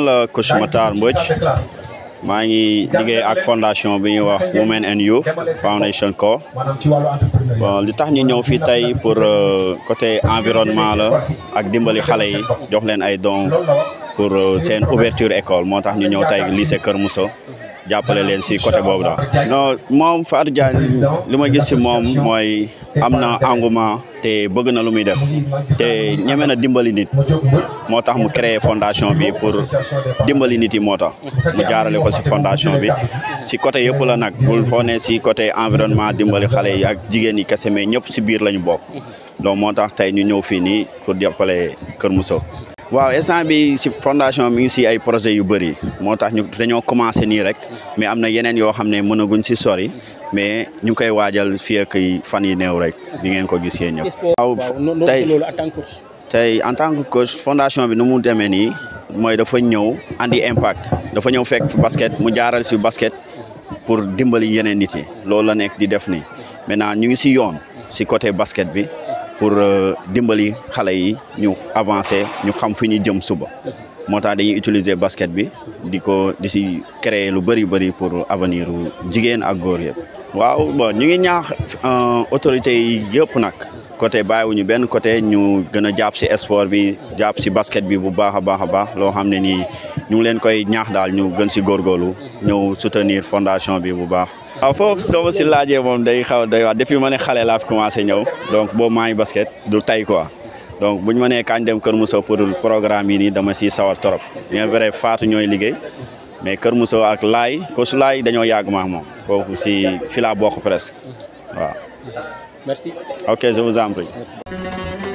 la coach Matar Mbodj maa ngi liggéey ak fondation bi ñuy wax Women and Youth Foundation Co bon li tax ñu ñëw fii tey pour euh, côté environnement la ak dimbali xale yi leen ay dons pour euh, seen ouverture école moo tax ñu ñëw tey lycée Kër Moussa jàppale len ci côté No la non mom Fatou Diagne li gis ci mom moy amna engouement te bëgg na lu muy def te ñëmé na dimbali nit motax foundation mu créer fondation bi pour dimbali nit yi motax mu jaarale ko si fondation bi si côté yëpp la nak bul foo ne si côté environnement dimbali xalé yi ak jigéen yi kese mé ñëpp ci biir lañu bok donc moo ñu ñëw fi ni pour Kër waaw instant bi si fondation mi ngi si ay projet yu bëri moo tax ñu dañoo commencé nii rek mais am na yeneen yoo xam ne mënaguñ si sori mais ñu koy waajal fii ak fan yi néew rek di ngeen ko gis yéen ñëpp. waaw tey tey en tant que coach fondation bi nu mu demee nii mooy dafa ñëw andi impact dafa ñëw fekk fi basket mu jaaral si basket pour dimbali yeneen nit yi loolu la nekk di def nii maintenant ñu ngi si yoon si côté basket bi. pour euh, dimbali xale yi ñu avancer ñu xam fu ñu jëm suba moo tax dañuy utiliser basket bi di ko di si créer lu bëri bëri pour avenir jigéen ak góor yëpp. waaw ñu ngi ñaax euh, autorités yi yëpp nag côté bàyyiwuñu benn côté ñu gën a jàpp si sport bi jàpp si basket bi bu baax a baax a baax loo xam ne nii ñu ngi leen koy ñaax daal ñu gën si góorgóorlu ñëw soutenir fondation bi bu baax. waaw foofu soo ma si laajee moom day xaw day ma ne xale laa fi commencé ñëw donc boobu maa ngi basket du tey quoi donc bu ñu ma nee kañ dem Kër Moussa pour programme yi nii dama si sawar torop bien vrai Fatou ñooy liggéey mais Kër Moussa ak laay ko su laay dañoo yàgg ma moom kooku si fi laa bokk presque waaw. merci. ok je vous